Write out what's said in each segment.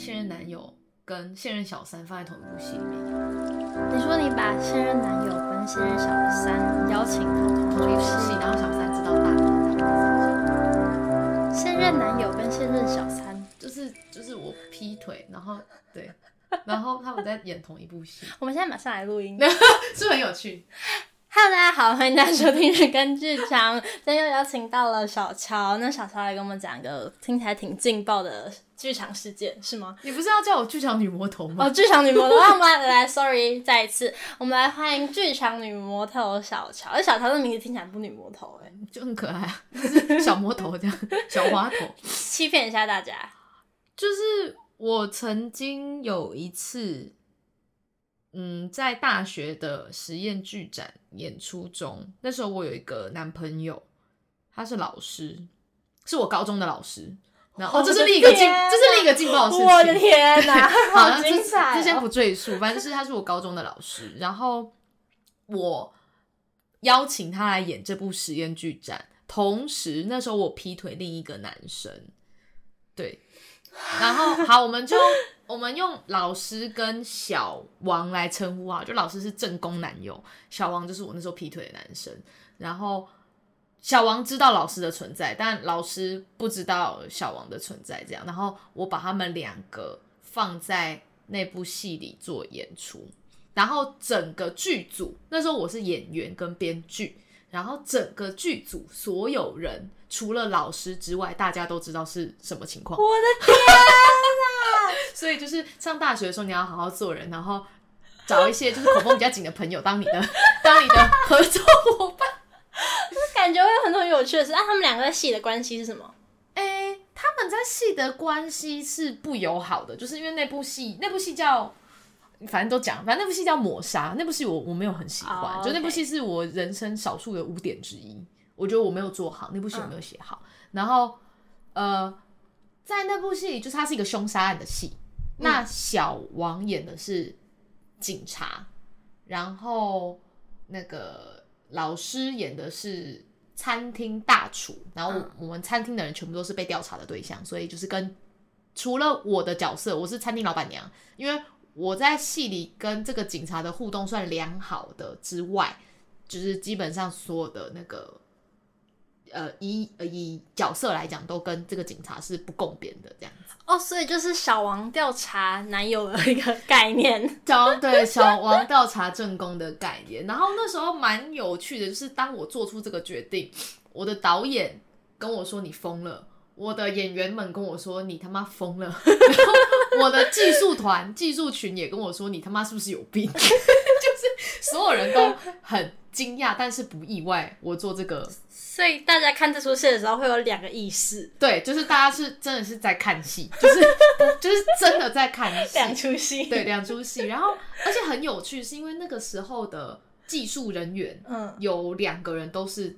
現任男友跟現任小三放在同一部戲裡面。你說你把現任男友跟現任小三邀請到同一部戲，嗯，然後小三知道大。現任男友跟現任小三就是就是我劈腿，然後對，然後他們在演同一部戲。 我們現在馬上來錄音， 是很有趣。Hello，大家好，歡迎大家收聽《日更劇場》，今天又邀請到了小喬。那小喬來跟我們講一個聽起來挺勁爆的劇場事件，是嗎？你不是要叫我劇場女魔頭嗎？哦，劇場女魔頭， 那我們來，Sorry，再一次，我們來歡迎劇場女魔頭小喬。小喬的名字聽起來不女魔頭，欸，哎，就很可愛啊，是小魔頭這樣， 小滑頭，欺騙一下大家。就是我曾經有一次。嗯，在大學的實驗劇展演出中，那時候我有一個男朋友，他是老師，是我高中的老師。然後哦，這是另一個勁，這是另一個勁爆的事情。我的天哪，好精彩哦！這先不贅述，反正就是他是我高中的老師。然後我邀請他來演這部實驗劇展，同時那時候我劈腿另一個男生，對。然後好，我們就。 我們用老師跟小王來稱呼啊，就老師是正宮男友，小王就是我那時候劈腿的男生。然後小王知道老師的存在，但老師不知道小王的存在。這樣，然後我把他們兩個放在那部戲裡做演出。然後整個劇組那時候我是演員跟編劇，然後整個劇組所有人除了老師之外，大家都知道是什麼情況。我的天哪、啊！ 所以就是上大學的時候，你要好好做人，然後找一些就是口風比較緊的朋友當你的 當你的合作夥伴。就 是感覺會有很多很有趣的事。那、啊、他們兩個在戲的關係是什麼？哎、欸，他們在戲的關係是不友好的，就是因為那部戲，那部戲叫反正都講，反正那部戲叫《抹殺》。那部戲我我沒有很喜歡，oh, okay. 就那部戲是我人生少數的污點之一。我覺得我沒有做好那部戲，我沒有寫好、嗯。然後呃，在那部戲裡，就是它是一個兇殺案的戲。那小王演的是警察，嗯，然後那個老師演的是餐廳大廚，然後我們餐廳的人全部都是被調查的對象，嗯，所以就是跟除了我的角色，我是餐廳老闆娘，因為我在戲裡跟這個警察的互動算良好的之外，就是基本上所有的那個。呃，以呃以角色來講，都跟這個警察是不共邊的這樣子哦，所以就是小王調查男友的一個概念，小 對小王調查正宮的概念。然後那時候蠻有趣的，就是當我做出這個決定，我的導演跟我說你瘋了，我的演員們跟我說你他媽瘋了， 然後我的技術團技術群也跟我說你他媽是不是有病？ 所有人都很驚訝，但是不意外。我做這個，所以大家看這出戲的時候會有兩個意思，對，就是大家是真的是在看戲，就是 就是真的在看兩出戲，對，兩出戲。然後，而且很有趣，是因為那個時候的技術人員，嗯，有兩個人都是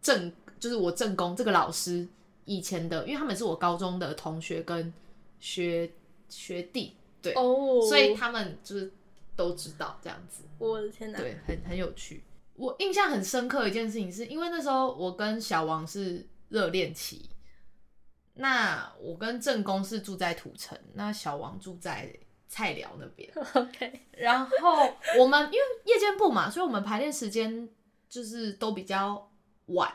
正，就是我正工這個老師以前的，因為他們是我高中的同學跟學學弟，對，哦，所以他們就是。都知道這樣子，我的天哪！對，很很有趣。我印象很深刻的一件事情是，是因為那時候我跟小王是熱戀期，那我跟正宮是住在土城，那小王住在菜寮那邊。OK，然後我們因為夜間部嘛，所以我們排練時間就是都比較晚，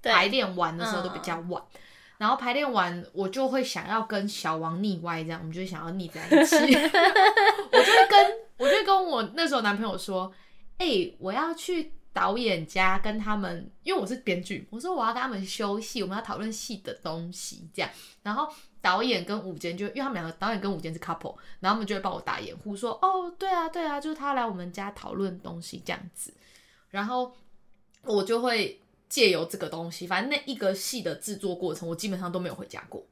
對，排練完的時候都比較晚。嗯，然後排練完，我就會想要跟小王膩歪歪，這樣我們就會想要膩在一起， 我就會跟。 我就跟我那時候男朋友說：“哎、欸，我要去導演家跟他們，因為我是編劇，我說我要跟他們修戲，我們要討論戲的東西，這樣。然後導演跟舞監就，因為他們兩個導演跟舞監是 couple，然後他們就會幫我打掩護，說：哦，對啊，對啊，就是他來我們家討論東西這樣子。然後我就會借由這個東西，反正那一個戲的制作過程，我基本上都沒有回家過。”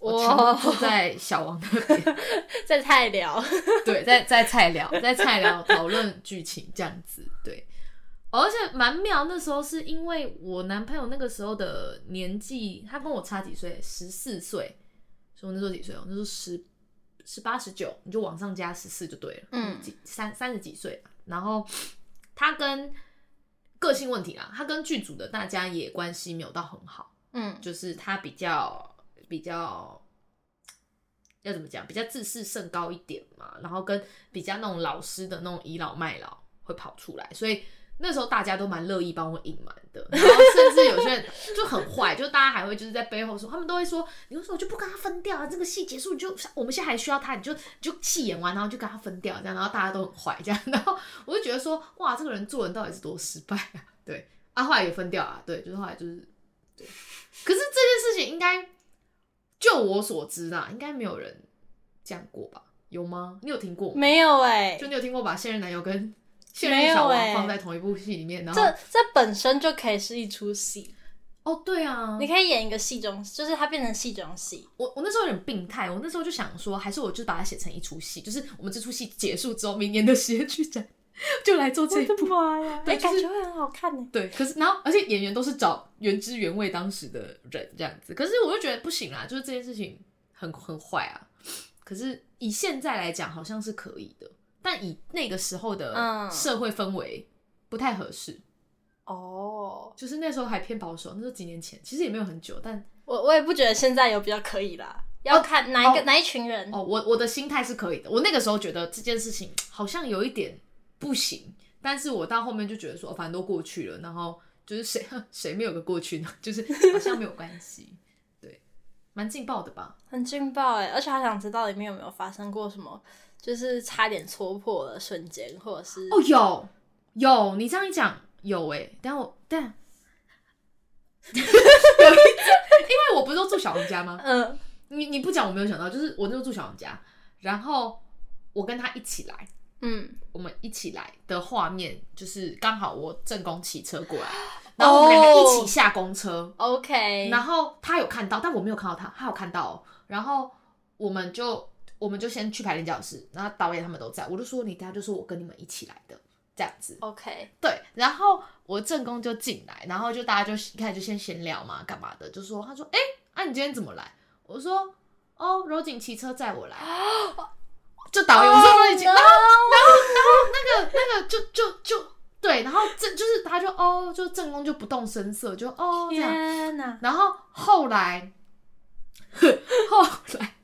我在小王那邊、oh， 在菜聊，對，在在菜聊，在菜聊討論劇情這樣子，對，oh, 而且蠻妙。那時候是因為我男朋友那個時候的年紀，他跟我差幾歲，十四歲，所以我那時候幾歲哦？那時候十十八十九，18, 19, 你就往上加十四就對了。嗯，幾，三三十幾歲，然後他跟個性問題啊，他跟劇組的大家也關係沒有到很好。嗯，就是他比較。比較要怎麼講？比較自視甚高一點嘛，然後跟比較那種老師的那種倚老賣老會跑出來，所以那時候大家都蠻樂意幫我隱瞞的。然後甚至有些人就很壞， 就大家還會就是在背後說，他們都會說：“你說我就不跟他分掉啊，這個戲結束就我們現在還需要他，你就你就戲演完然後就跟他分掉這樣。”然後大家都很壞這樣。然後我就覺得說：“哇，這個人做人到底是多失敗啊！”對，啊，後來也分掉了。對，就是後來就是對。可是這件事情應該。就我所知啦、啊，應該沒有人講過吧？有嗎？你有聽過？沒有哎、欸，就你有聽過把現任男友跟現任小王放在同一部戲裡面？欸、然後這這本身就可以是一出戲哦。對啊，你可以演一個戲中，就是他變成戲中戲。我我那時候有點病態，我那時候就想說，還是我就把它寫成一出戲，就是我們這出戲結束之後，明年的實驗劇展。 就來做這一部，我的媽呀，對，欸就是，感覺會很好看呢。對，可是然後，而且演員都是找原汁原味當時的人這樣子。可是我就覺得不行啊，就是這件事情很很壞啊。可是以現在來講，好像是可以的，但以那個時候的社會氛圍不太合適哦、嗯。就是那時候還偏保守，那時候幾年前，其實也沒有很久。但我我也不覺得現在有比較可以啦，要看哪一個、哦、哪一群人。哦，我我的心態是可以的。我那個時候覺得這件事情好像有一點。不行，但是我到後面就覺得說，哦、反正都過去了，然後就是誰誰沒有個過去呢？就是好像沒有關係， 對，蠻勁爆的吧？很勁爆哎、欸！而且還想知道裡面有沒有發生過什麼，就是差點戳破了的瞬間，或者是哦，有有，你這樣一講有哎、欸，但我但， 因為我不是都住小紅家嗎？嗯，你你不講我沒有想到，就是我那時候住小紅家，然後我跟他一起來。嗯，我們一起來的畫面就是剛好我正宮騎車過來，然後我們兩個一起下公車、oh,，OK。然後他有看到，但我沒有看到他，他有看到、哦。然後我們就我們就先去排練教室，然後導演他們都在，我就說你等下，他就說我跟你們一起來的這樣子，OK。對，然後我正宮就進來，然後就大家就一開始就先閒聊嘛，幹嘛的？就說他就說哎，那、欸啊、你今天怎麼來？我說哦，柔景騎車載我來。 就導遊說你，oh, no, 然後，然後，然後那個，no. 那個就，就就就對，然後正就是他就哦，oh, 就正宮就不動聲色，就哦，oh, 天吶、啊，然後後來，後來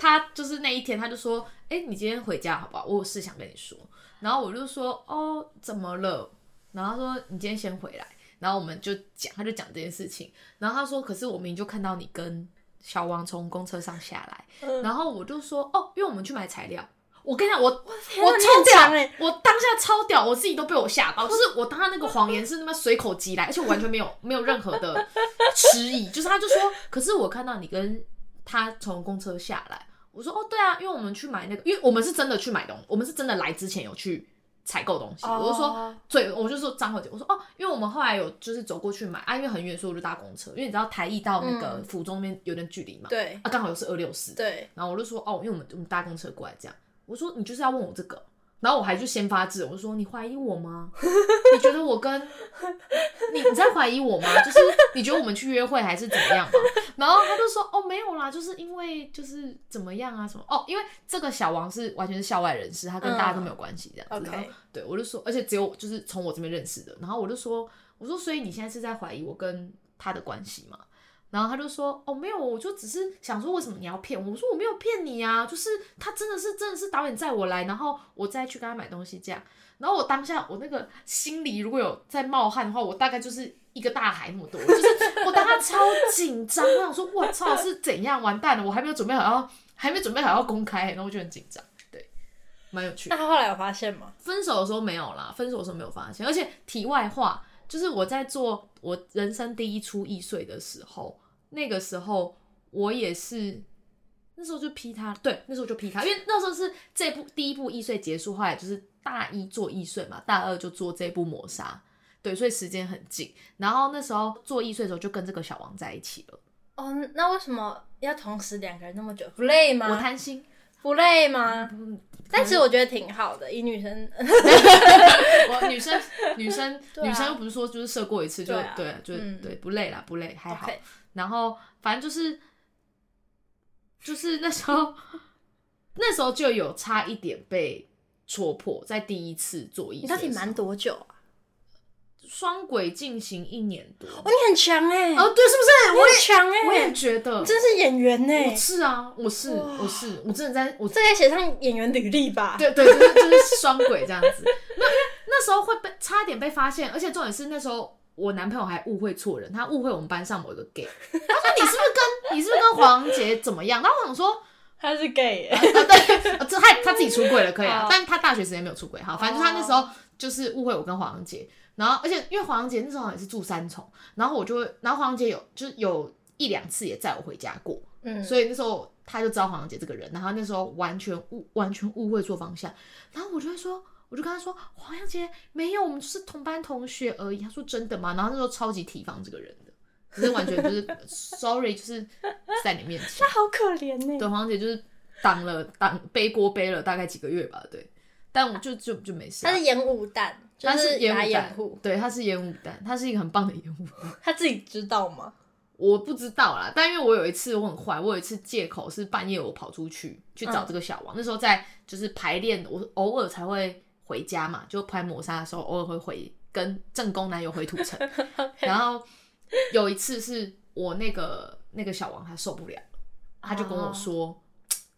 他就是那一天，他就說，哎、欸，你今天回家好不好？我有事想跟你說，然後我就說，哦、oh,，怎麼了？然後他說，你今天先回來，然後我們就講，他就講這件事情，然後他說，可是我明明就看到你跟。小王從公車上下來，嗯，然後我就說：“哦，因為我們去買材料。”我跟你講，我我超屌，我當下超屌，我自己都被我嚇到。就是我當他那個謊言是那麼隨口即來，而且我完全沒有 沒有任何的遲疑。就是他就說：“可是我看到你跟他從公車下來。”我說：“哦，對啊，因為我們去買那個，因為我們是真的去買東西，我們是真的來之前有去。”採購東西，oh, oh. 我就說，嘴，我就說張小姐，我說哦，因為我們後來有就是走過去買啊，因為很遠，所以我就搭公車，因為你知道台藝到那個府中那邊有點距離嘛，um, 啊，對，啊剛好又是二六四，對，然後我就說哦，因為我們我們搭公車過來這樣，我說你就是要問我這個。然後我還就先發制人，我就說你懷疑我嗎？ 你覺得我跟你你在懷疑我嗎？就是你覺得我們去約會還是怎麼樣嗎？ 然後他就說哦沒有啦，就是因爲就是怎麼樣啊什麼哦，因爲這個小王是完全是校外人士，他跟大家都沒有關係這樣子。嗯然後 okay. 然後對，我就說，而且只有就是從我這邊認識的。然後我就說，我說所以你現在是在懷疑我跟他的關係嗎？然後他就說：“哦，沒有，我就只是想說，為什麼你要騙我？”我說：“我沒有騙你啊，就是他真的是真的是導演載我來，然後我再去跟他買東西這樣。”然後我當下我那個心裡如果有在冒汗的話，我大概就是一個大海那麼多， 就是我當時超緊張、啊，我想說：“哇塞，是怎樣？完蛋了！我還沒有準備好要，要還沒準備好要公開。”然後我就很緊張，對，蠻有趣。那他後來有發現嗎？分手的時候沒有啦，分手的時候沒有發現。而且題外話，就是我在做我人生第一齣易碎的時候。那個時候我也是，那時候就劈他，對，那時候就劈他，因為那時候是這部第一部易碎結束後來就是大一做易碎嘛，大二就做這部磨砂，對，所以時間很近，然後那時候做易碎的時候就跟這個小王在一起了。哦，那為什麼要同時兩個人那麼久？不累嗎？我貪心，不累嗎、嗯不？但是我覺得挺好的，以女生， 我女生女生、啊、女生又不是說就是射過一次就對、啊、對就、嗯、對不累啦，不累還好。Okay. 然後，反正就是，就是那時候，那時候就有差一點被戳破，在第一次做一。你到底瞞多久啊？雙軌進行一年多。哦，你很強哎、欸！哦、啊，對，是不是？很強欸、我強哎！我也覺得，真是演員、欸、我是啊，我是，我是，我，是我真的在，我寫上演員履歷吧。對對對，就是雙軌、就是、這樣子。 那那時候會被差一點被發現，而且重點是那時候。我男朋友還誤會錯人，他誤會我們班上某個 gay， 他說，你是不是跟 你是不是跟黃杰怎麼樣？ 然後我想說他是 gay， 啊、對，這他他自己出軌了可以啊， 但他大學時間沒有出軌，好，反正他那時候就是誤會我跟黃杰，然後而且因為黃杰那時候也是住三重，然後我就會，然後黃杰有就是有一兩次也載我回家過，嗯，所以那時候他就知道黃杰這個人，然後那時候完全誤完全誤會錯方向，然後我就會說。我就跟他說：“黃洋姐，沒有，我們就是同班同學而已。”他說：“真的嗎？”然後那時候超級提防這個人的，只是完全就是 sorry， 就是在你面前，他好可憐呢、欸。對，黃洋姐就是擋了擋，背鍋背了大概幾個月吧。對，但我就就就沒事、啊。他是煙霧彈、就是，他是煙霧彈，對，他是煙霧彈，他是一個很棒的煙霧彈。 他自己知道嗎？我不知道啦。但因為我有一次我很壞，我有一次借口是半夜我跑出去去找這個小王、嗯，那時候在就是排練，我偶爾才會。回家嘛，就拍磨砂的時候，偶爾會回跟正宮男友回土城。然後有一次是我那個那個小王，他受不了，他就跟我說：“ oh.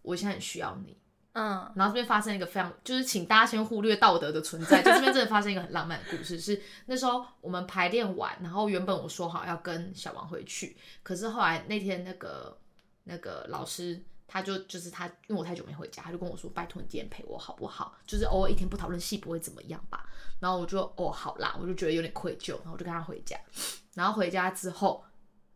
我現在很需要你。”嗯。然後這邊發生一個非常，就是請大家先忽略道德的存在，就這邊真的發生一個很浪漫的故事。 是那時候我們排練完，然後原本我說好要跟小王回去，可是後來那天那個那個老師。他就就是他，因為我太久沒回家，他就跟我說：“拜託你今天陪我好不好？”就是偶爾、哦、一天不討論戲不會怎麼樣吧。然後我就哦，好啦。”我就覺得有點愧疚，然後我就跟他回家。然後回家之後，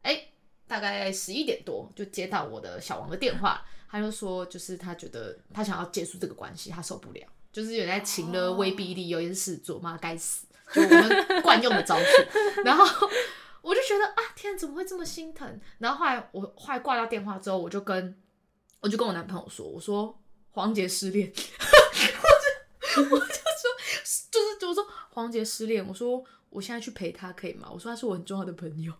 哎、欸，大概十一點多就接到我的小王的電話，他就說：“就是他覺得他想要結束這個關係，他受不了，就是有在情的威逼利誘，也是事做嘛，該死，就我們慣用的招數。 ”然後我就覺得啊，天，怎麼會這麼心疼？然後後來我後來掛掉電話之後，我就跟。我就跟我男朋友說：“我說黃杰失戀， 我就我就說就是就說黃杰失戀。我說,我,說我現在去陪他可以嗎？我說他是我很重要的朋友。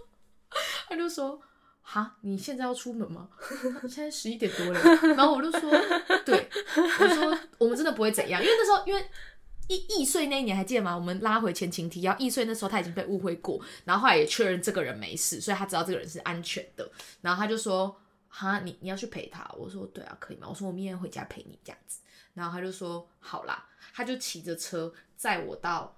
他就說：哈，你現在要出門嗎？我現在十一點多了。然後我就說：對，我就說我們真的不會怎樣，因為那時候因為一一歲那一年還記得嗎？我們拉回前情提要，一歲那時候他已經被誤會過，然後後來也確認這個人沒事，所以他知道這個人是安全的。然後他就說。”哈，你你要去陪他？我說對啊，可以嗎？我說我明天回家陪你這樣子，然後他就說好啦，他就騎着車載我到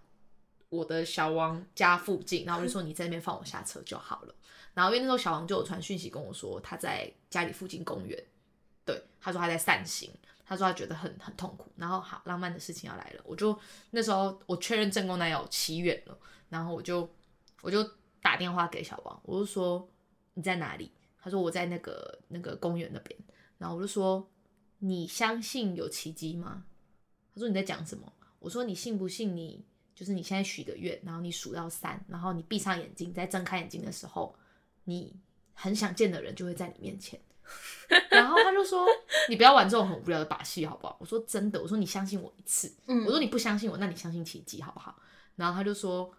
我的小王家附近，然後我就說你在那邊放我下車就好了。 然後因為那時候小王就有傳訊息跟我說他在家裡附近公園，對，他說他在散心，他說他覺得很很痛苦。然後好，浪漫的事情要來了，我就那時候我確認正宮男友騎遠了，然後我就我就打電話給小王，我就說你在哪裡？他說我在那個那個公園那邊，然後我就說你相信有奇蹟嗎？他說你在講什麼？我說你信不信，你就是你現在許個願，然後你數到三，然後你閉上眼睛，再睜開眼睛的時候，你很想見的人就會在你面前。 然後他就說你不要玩這種很無聊的把戲，好不好？我說真的，我說你相信我一次。我說你不相信我，那你相信奇蹟好不好？然後他就說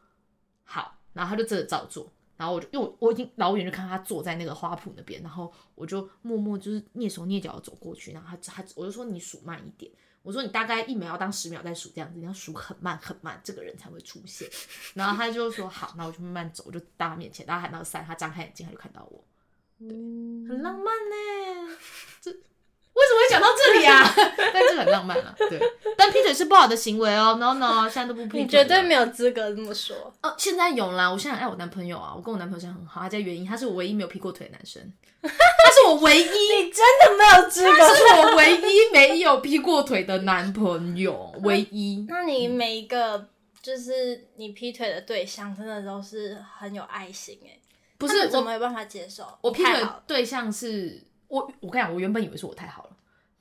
好，然後他就真的照做。然後我就因為我，我已經老遠就看他坐在那個花圃那邊，然後我就默默就是躡手躡腳的走過去，然後他他我就說，你數慢一點，我說你大概一秒要當十秒再數這樣子，你要數很慢很慢，這個人才會出現。然後他就說好，那 我就慢慢走，我就在他面前，他喊到三，他張開眼睛他就看到我，對，嗯、很浪漫呢、欸。 這為什麼會講到這裡啊？ 但這很浪漫啊。對。但劈腿是不好的行為哦，no no，現在都不劈腿。你絕對沒有資格這麼說。哦、啊，現在有啦，我現在很愛我男朋友啊，我跟我男朋友現在很好，他叫袁英，他是我唯一沒有劈過腿的男生， 他是我唯一。你真的沒有資格。他是我唯一沒有劈過腿的男朋友， 唯一。那你每一個就是你劈腿的對象，真的都是很有愛心哎、欸？不是，我沒有辦法接受，我，我劈腿的對象是我，我跟你講，我原本以為是我太好了。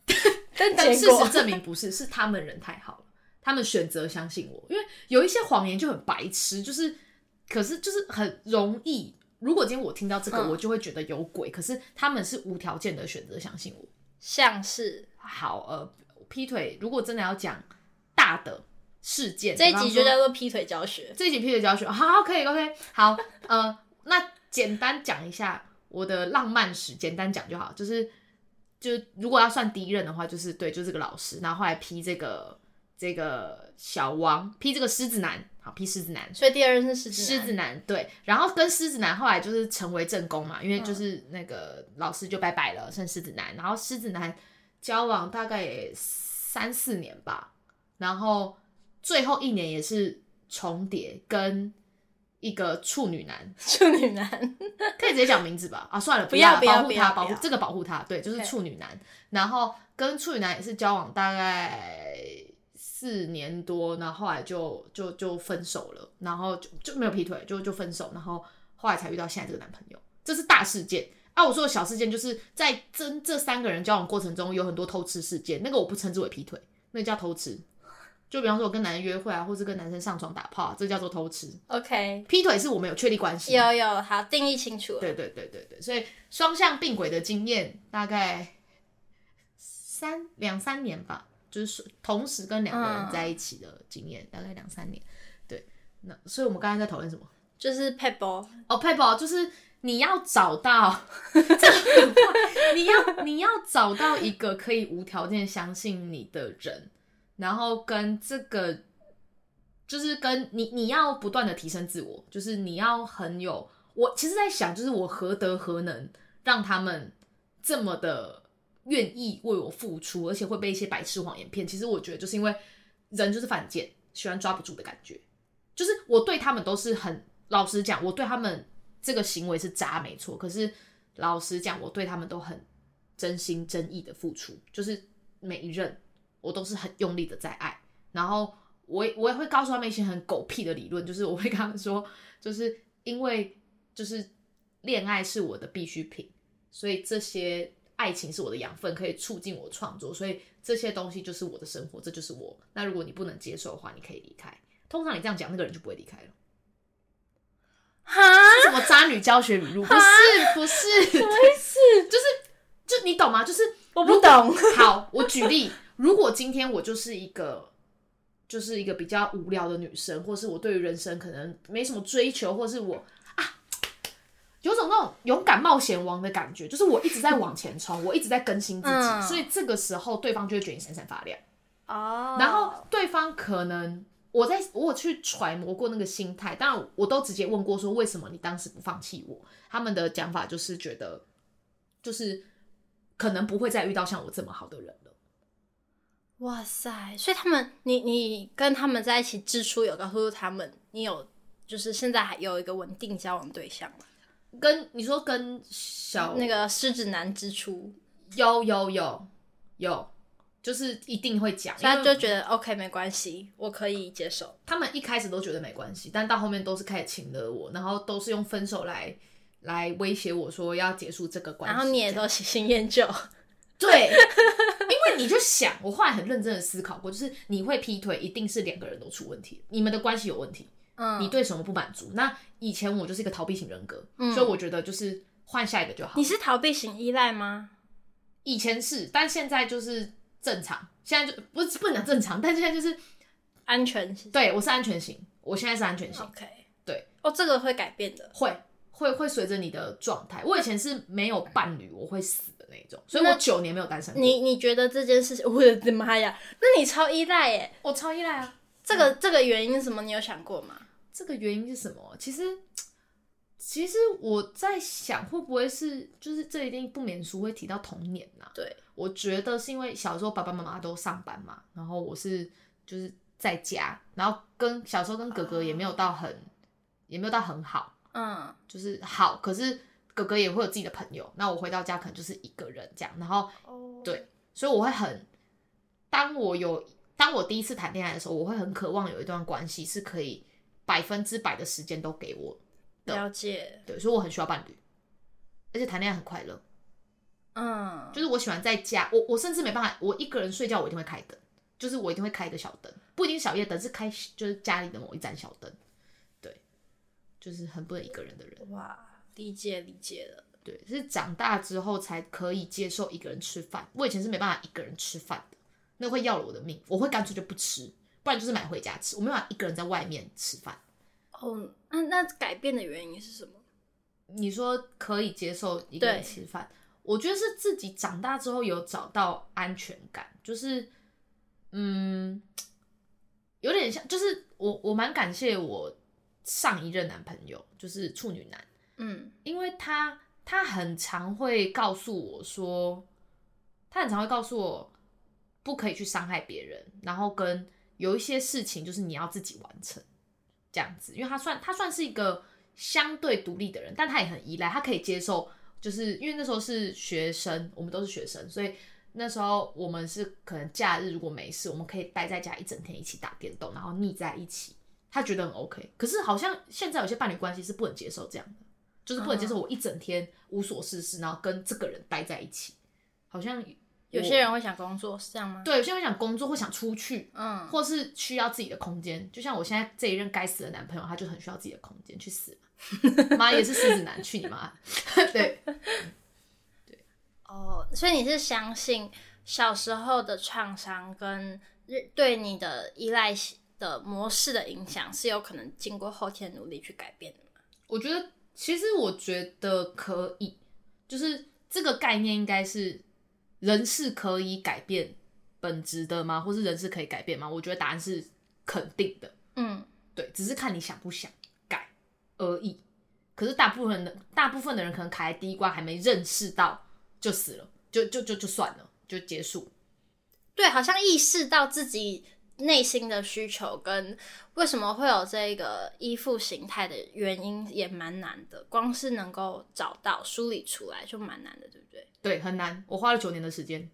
但但事實證明不是，是他們人太好了， 他們選擇相信我，因為有一些謊言就很白痴，就是，可是就是很容易。如果今天我聽到這個，我就會覺得有鬼。嗯，可是他們是無條件的選擇相信我，像是。好，呃，劈腿。如果真的要講大的事件，這一集就叫做劈腿教學。這一集劈腿教學好可以 okay，OK，好，呃， 那簡單講一下我的浪漫史，簡單講就好，就是。就如果要算第一任的話，就是對，就是這個老師。然後後來劈這個這個小王，劈這個獅子男，好，劈獅子男。所以第二任是獅子男，對。然後跟獅子男後來就是成為正宮嘛，因為就是那個老師就拜拜了，嗯、剩獅子男。然後獅子男交往大概也三四年吧，然後最後一年也是重疊跟。一個處女男，處女男可以直接講名字吧？ 啊，算了，不要，不要保護他，保護這個保護他，對，就是處女男。Okay. 然後跟處女男也是交往大概四年多，然後後來就就就分手了，然後就就沒有劈腿，就就分手，然後後來才遇到現在這個男朋友，這是大事件。啊，我說的小事件就是在這這三個人交往過程中有很多偷吃事件，那個我不稱之為劈腿，那個叫偷吃。就比方說，我跟男人約會啊，或是跟男生上床打炮，啊，這叫做偷吃。OK，劈腿是我們有確立關係，有有，好，定義清楚。對對對對對，所以雙向並軌的經驗大概三兩三年吧，就是同時跟兩個人在一起的經驗，嗯、大概兩三年。對，那所以我們剛才在討論什麼？就是 Payball 哦 Payball 就是你要找到， 你要你要找到一個可以無條件相信你的人。然後跟這個，就是跟你你要不斷的提升自我，就是你要很有，我其實在想，就是我何德何能讓他們這麼的願意為我付出，而且會被一些白痴謊言騙？其實，我覺得就是因為人就是犯賤，喜歡抓不住的感覺。就是我對他們都是很，老實講，我對他們這個行為是渣沒錯。可是老實講，我對他們都很真心真意的付出，就是每一任。我都是很用力的在愛，然後我我也會告訴他們一些很狗屁的理論，就是我會跟他們說，就是因為就是戀愛是我的必需品，所以這些愛情是我的養分，可以促進我創作，所以這些東西就是我的生活，這就是我。那如果你不能接受的話，你可以離開。通常你這樣講，那個人就不會離開了。哈？是什麼渣女教學語錄？不是不是，不是不 就是就你懂嗎？就是我不懂。好，我舉例。 如果今天我就是一個，就是一個比較無聊的女生，或是我對於人生可能沒什麼追求，或是我啊，有種那種勇敢冒險王的感覺，就是我一直在往前衝， 我一直在更新自己，所以這個時候對方就會覺得閃閃發亮哦、嗯。然後對方可能我在我去揣摩過那個心態，但我都直接問過說為什麼你當時不放棄我，他們的講法就是覺得就是可能不會再遇到像我這麼好的人了。哇塞！所以他們，你你跟他們在一起之初，有告訴他們你有，就是現在還有一個穩定交往對象跟你說，跟小那個獅子男之初，有有有有，就是一定會講。他就覺得、嗯、OK 沒關係，我可以接受。他們一開始都覺得沒關係，但到後面都是開始情勒我，然後都是用分手來來威脅我說要結束這個關係。然後你也都喜新厭舊， 對。 因為你就想，我後來很認真的思考過，就是你會劈腿，一定是兩個人都出問題，你們的關係有問題。嗯，你對什麼不滿足？那以前我就是一個逃避型人格，嗯，所以我覺得就是換下一個就好。你是逃避型依賴嗎？以前是，但現在就是正常。現在就不是不能正常，但現在就是安全型。對，我是安全型，我現在是安全型。OK，對，哦，這個會改變的，會。會會隨着你的狀態。我以前是沒有伴侶，我會死的那種，所以我九年沒有單身。你你覺得這件事情，我的媽呀！那你超依賴耶，我超依賴啊。這個、嗯、這個原因是什麼？你有想過嗎？這個原因是什麼？其實其實我在想，會不會是就是這一定不免俗會提到童年吶、啊？對，我覺得是因為小時候爸爸媽媽都上班嘛，然後我是就是在家，然後跟小時候跟哥哥也沒有到很、啊、也沒有到很好。嗯，就是好，可是哥哥也會有自己的朋友，那我回到家可能就是一個人這樣，然後，對，所以我會很，當我有，當我第一次談戀愛的時候，我會很渴望有一段關係是可以百分之百的時間都給我的，了解，對，所以我很需要伴侶，而且談戀愛很快樂，嗯，就是我喜歡在家，我我甚至沒辦法，我一個人睡覺，我一定會開燈，就是我一定會開一個小燈，不一定小夜燈，是開就是家裡的某一盞小燈。就是很不能一個人的人。哇，理解理解，了。對，是長大之後才可以接受一個人吃飯。我以前是沒辦法一個人吃飯的，那會要了我的命。我會乾脆就不吃，不然就是買回家吃。我沒法一個人在外面吃飯。哦，那那改變的原因是什麼？你說可以接受一個人吃飯，對。我覺得是自己長大之後有找到安全感，就是嗯，有點像，就是我我蠻感謝我。上一任男朋友就是處女男，嗯，因為他他很常會告訴我說，他很常會告訴我不可以去傷害別人，然後跟有一些事情就是你要自己完成這樣子，因為他算他算是一個相對獨立的人，但他也很依賴，他可以接受。就是因為那時候是學生，我們都是學生，所以那時候我們是可能假日如果沒事，我們可以待在家一整天一起打電動，然後膩在一起。他覺得很 OK，可是好像現在有些伴侶關係是不能接受這樣的，就是不能接受我一整天無所事事，然後跟這個人待在一起。好像有些人會想工作，是這樣嗎？對，有些人想工作，會想出去，嗯，或是需要自己的空間。就像我現在這一任該死的男朋友，他就很需要自己的空間，去死嘛 媽也是獅子男， 去你媽！對對，哦，所以你是相信小時候的創傷跟對你的依賴性。的模式的影響是有可能經過後天努力去改變的嗎？我覺得，其實我覺得可以，就是這個概念應該是人是可以改變本質的嗎？或是人是可以改變嗎？我覺得答案是肯定的。嗯，對，只是看你想不想改而已。可是大部分的大部分的人可能卡在第一關，還沒認識到就死了，就就就就算了，就結束。對，好像意識到自己。內心的需求跟為什麼會有這個依附形態的原因也蠻難的，光是能夠找到梳理出來就蠻難的，對不對？對，很難。我花了九年的時間，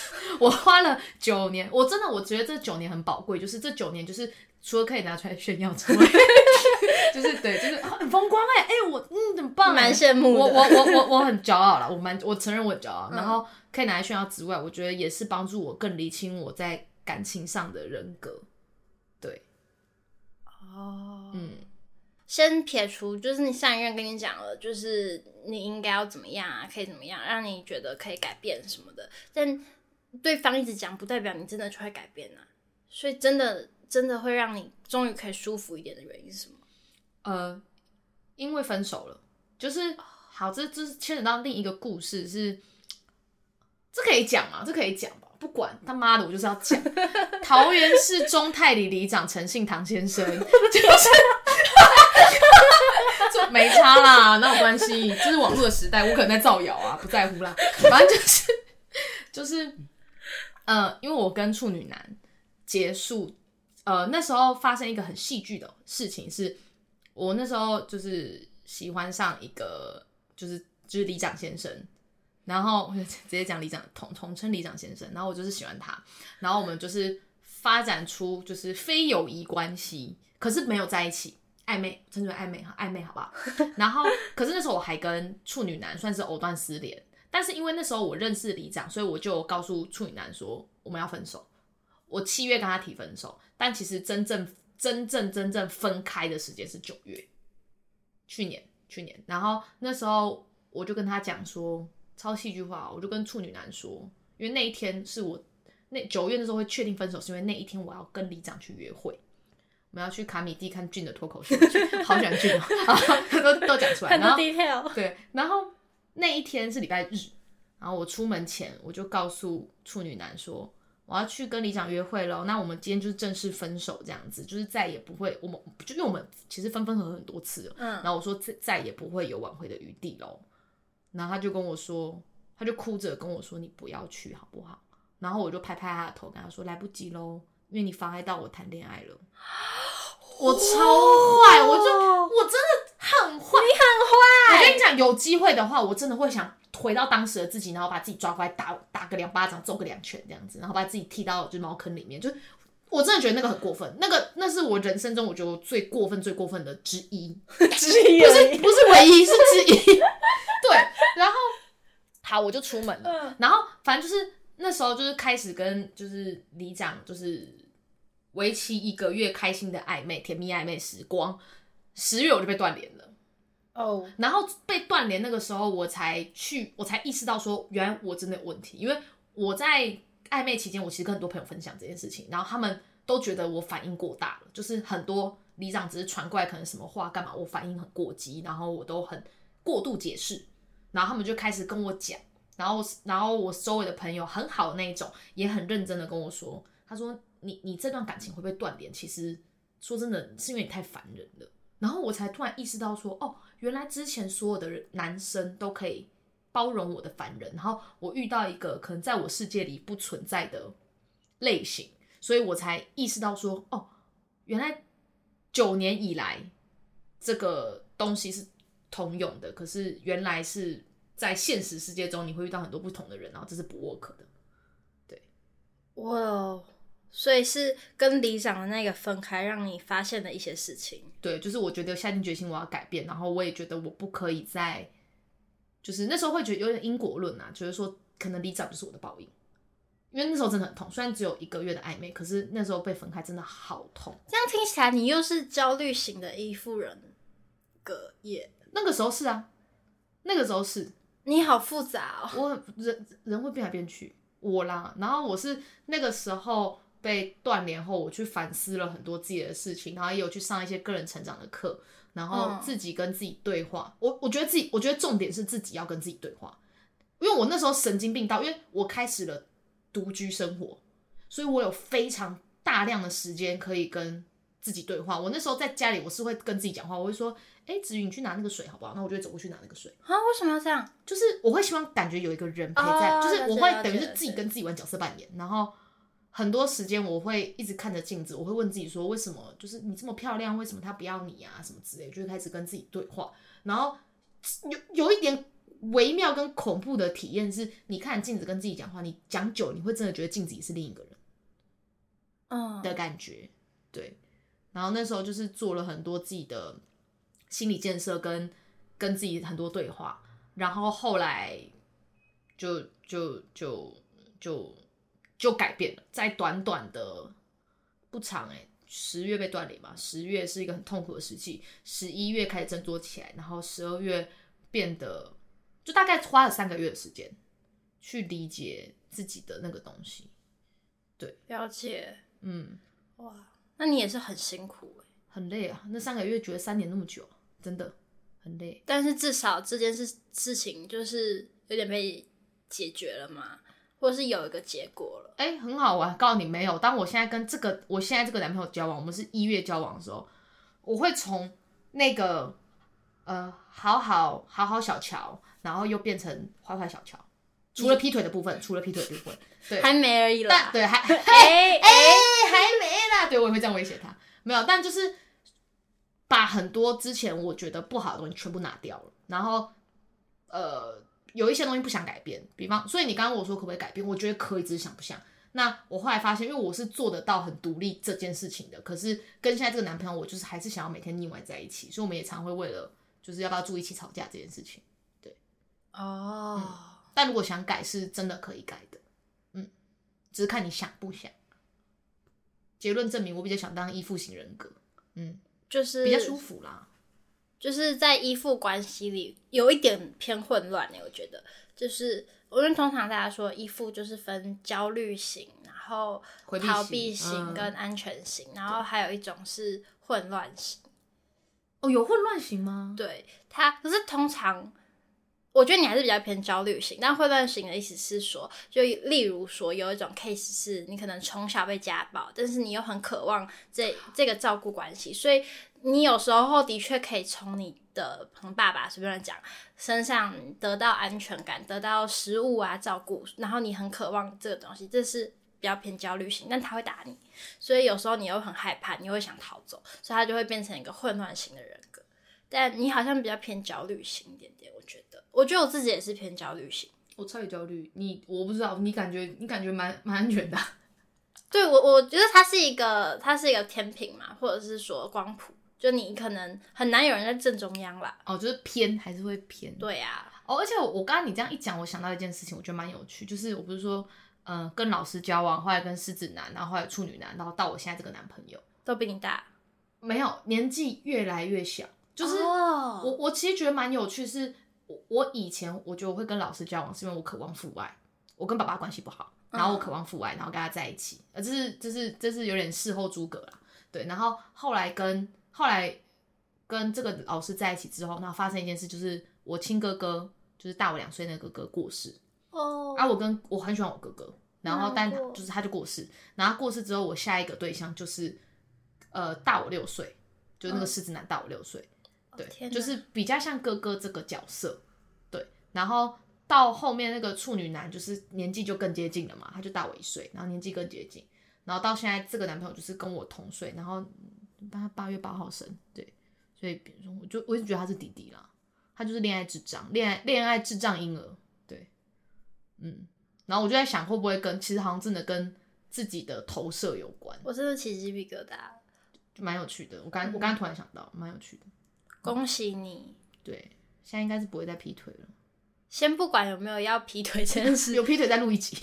我花了九年，我真的我覺得這九年很寶貴，就是這九年就是除了可以拿出來炫耀之外， 就是對，就是、啊、很風光哎哎，欸，我嗯很棒，蠻、嗯、羨、嗯、慕的。我我我我我很驕傲啦，我蠻我承認我驕傲，嗯，然後可以拿來炫耀之外，我覺得也是幫助我更釐清我在感情上的人格，對，哦、oh.，嗯，先撇除，就是你上一任跟你講了，就是你應該要怎麼樣啊，可以怎麼樣，讓你覺得可以改變什麼的。但對方一直講，不代表你真的就會改變啊。所以，真的真的會讓你終於可以舒服一點的原因是什麼？呃，因為分手了，就是好，這這是牽扯到另一個故事，是這可以講嗎？這可以講吧。不管他媽的，我就是要講。桃園市中泰里里長陳信堂先生，就是， 就沒差啦，那有關係，這、就是網絡的時代，我可能在造謠啊，不在乎啦。反正就是，就是，嗯、呃，因為我跟處女男結束，呃，那時候發生一個很戲劇的事情，是我那時候就是喜歡上一個，就是就是里長先生。然後我就直接講李長同，統稱村李長先生，然後我就是喜歡他，然後我們就是發展出就是非友誼關係，可是沒有在一起曖昧，稱之為曖昧哈，曖昧好不好？ 然後可是那時候我還跟處女男算是藕斷絲連，但是因為那時候我認識李長，所以我就告訴處女男說我們要分手，我七月跟他提分手，但其實真正真正真正分開的時間是九月，去年去年。然後那時候我就跟他講說。超戲劇化！我就跟處女男說，因為那一天是我那九月的時候會確定分手，是因為那一天我要跟李長去約會，我們要去卡米地看俊的脫口秀， 好想俊啊！他都講 出來，很多 detail。對，然後那一天是禮拜日，然後我出門前我就告訴處女男說，我要去跟李長約會嘍，那我們今天就是正式分手，這樣子就是再也不會，我們就因為我們其實分分合合很多次了，嗯，然後我說再再也不會有挽回的餘地嘍。然後他就跟我說，他就哭着跟我說：“你不要去好不好？”然後我就拍拍他的頭，跟他說：“來不及嘍，因為你妨礙到我談戀愛了。”我超壞，我就我真的很壞，你很壞。我跟你講，有機會的話，我真的會想回到當時的自己，然後把自己抓過來打打個兩巴掌，揍個兩拳這樣子，然後把自己踢到就茅坑裡面。就我真的覺得那個很過分，那個那是我人生中我覺得最過分、最過分的之一之一，不是不是唯一，是之一。 對，然後好，我就出門了。然後反正就是那時候，就是開始跟就是李長，就是為期一個月開心的曖昧、甜蜜曖昧時光。十月我就被斷聯了哦。Oh. 然後被斷聯那個時候，我才去，我才意識到說，原來我真的有問題。因為我在曖昧期間，我其實跟很多朋友分享這件事情，然後他們都覺得我反應過大了，就是很多李長只是傳過來可能什麼話幹嘛，我反應很過激，然後我都很過度解釋。然後他們就開始跟我講，然後然後我周圍的朋友很好的那一種，也很認真的跟我說，他說，你你這段感情會不會斷聯，其實說真的是，是因為你太煩人了。然後我才突然意識到說，哦，原來之前所有的男生都可以包容我的煩人，然後我遇到一個可能在我世界裡不存在的類型，所以我才意識到說，哦，原來九年以來這個東西是。同泳的，可是原來是在現實世界中你會遇到很多不同的人，然後這是不 work 的，對，哇、wow,，所以是跟理想的那個分開，讓你發現了一些事情。對，就是我覺得下定決心我要改變，然後我也覺得我不可以再，就是那時候會覺得有點因果論啊，就是說可能理想就是我的報應，因為那時候真的很痛，雖然只有一個月的曖昧，可是那時候被分開真的好痛。這樣聽起來你又是焦慮型的依附人格也。那個時候是啊，那個時候是，你好複雜哦。我人人會變來變去，我啦。然後我是那個時候被斷聯後，我去反思了很多自己的事情，然後也有去上一些個人成長的課，然後自己跟自己對話。嗯。我我覺得自己，我覺得重點是自己要跟自己對話，因為我那時候神經病到，因為我開始了獨居生活，所以我有非常大量的時間可以跟。自己對話。我那時候在家裡，我是會跟自己講話。我會說：“哎，子瑜，你去拿那個水好不好？”那我就會走過去拿那個水啊。為什麼要這樣？就是我會希望感覺有一個人陪在，oh, 就是我會等於是自己跟自己玩角色扮演對對對對對。然後很多時間我會一直看着鏡子，我會問自己說：“為什麼？就是你這麼漂亮，為什麼他不要你啊？什麼之類？”就開始跟自己對話。然後有有一點微妙跟恐怖的體驗是，你看鏡子跟自己講話，你講久，你會真的覺得鏡子也是另一個人。嗯，的感覺、oh. 對。然後那時候就是做了很多自己的心理建設跟，跟跟自己很多對話，然後後來就就就就就改變了。在短短的不長誒、欸、十月被斷聯嘛，十月是一個很痛苦的時期，十一月開始振作起來，然後十二月變得就大概花了三個月的時間去理解自己的那個東西，對，了解，嗯，哇。那你也是很辛苦誒、欸，很累啊。那三個月覺得三年那麼久，真的很累。但是至少這件事事情就是有點被解決了嘛，或者是有一個結果了。哎、欸，很好玩，告訴你沒有。當我現在跟這個我現在這個男朋友交往，我們是一月交往的時候，我會從那個呃好好好好小喬，然後又變成花花小喬。除了劈腿的部分， 除了劈腿的部分，對，還沒而已啦。對，還沒，哎、欸欸欸，還沒啦。對，我也會這樣威脅他。沒有，但就是把很多之前我覺得不好的東西全部拿掉了。然後，呃，有一些東西不想改變，比方，所以你剛剛我說可不可以改變，我覺得可以，只是想不想。那我後來發現，因為我是做得到很獨立這件事情的，可是跟現在這個男朋友，我就是還是想要每天膩歪在一起，所以我們也常常會為了就是要不要住一起吵架這件事情。對，哦。嗯但如果想改，是真的可以改的，嗯，只是看你想不想。結論證明，我比較想當依附型人格，嗯，就是比較舒服啦。就是在依附關係裡有一點偏混亂的，我覺得。就是我們通常大家說依附就是分焦慮型，然後逃避型跟安全型，迴避型，嗯，然後還有一種是混亂型。哦，有混亂型嗎？對，他，就是通常。我覺得你還是比較偏焦慮型，但混亂型的意思是說，就例如說有一種 case 是你可能從小被家暴，但是你又很渴望這這個照顧關係，所以你有時候的確可以從你的朋友爸爸隨便講身上得到安全感，得到食物啊照顧，然後你很渴望這個東西，這是比較偏焦慮型，但他會打你，所以有時候你又很害怕，你又會想逃走，所以他就會變成一個混亂型的人格，但你好像比較偏焦慮型一點點，我覺得。我覺得我自己也是偏焦慮型，我超級焦慮。你我不知道，你感覺你感覺蠻蠻安全的、啊。對我，我覺得他是一個，它是一個天平嘛，或者是說光譜，就你可能很難有人在正中央啦。哦，就是偏還是會偏。對呀、啊。哦，而且我剛剛你這樣一講，我想到一件事情，我覺得蠻有趣，就是我不是說，嗯、呃，跟老師交往，後來跟獅子男，然後後來有處女男，然後到我現在這個男朋友，都比你大，沒有，年紀越來越小。就是、哦、我我其實覺得蠻有趣是。我以前我覺得我會跟老師交往，是因為我渴望父愛。我跟爸爸關係不好，然後我渴望父愛，然後跟他在一起，呃，這是這是這是有點事後諸葛啦，對。然後後來跟後來跟這個老師在一起之後，然後發生一件事，就是我親哥哥，就是大我兩歲那個哥哥過世。哦、oh.。啊，我跟我很喜歡我哥哥，然後但就是他就過世，然後過世之後，我下一個對象就是呃大我六歲，就是那個獅子男大我六歲。Oh. 啊對，就是比較像哥哥這個角色，對。然後到後面那個處女男就是年紀就更接近了嘛，他就大我一歲，然後年紀更接近。然後到現在這個男朋友就是跟我同歲，然後八八月八號生，對。所以比如說我，我就我一直覺得他是弟弟啦，他就是戀愛智障，戀愛戀愛智障嬰兒，對。嗯，然後我就在想會不會跟，其實好像真的跟自己的投射有關。我真的起雞皮疙瘩，就蠻有趣的。我剛我剛突然想到，蠻有趣的。恭喜你！對，現在應該是不會再劈腿了。先不管有沒有要劈腿這件事， 有劈腿再錄一集，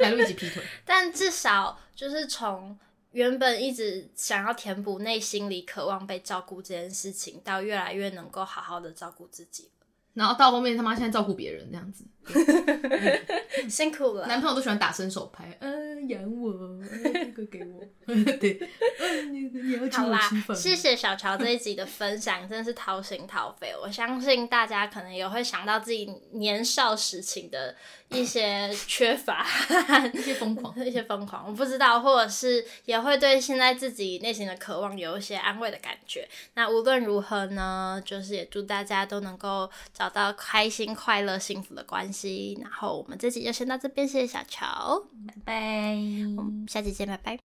來 錄一集劈腿。但至少就是從原本一直想要填補內心裡渴望被照顧這件事情，到越來越能夠好好的照顧自己。然後到後面他媽現在照顧別人這樣子、 嗯，辛苦了。男朋友都喜歡打伸手牌， 嗯，養我，這個給我， 對、嗯你你我，好啦，謝謝小喬這一集的分享， 真的是掏心掏肺。我相信大家可能也會想到自己年少時期的一些缺乏， 和笑一些瘋瘋狂， 一些瘋狂。我不知道，或者是也會對現在自己內心的渴望有一些安慰的感覺。那無論如何呢，就是也祝大家都能夠。找到開心、快樂、幸福的關係，然後我們這期就先到這邊，謝謝小喬，拜拜，我們下期見，拜拜。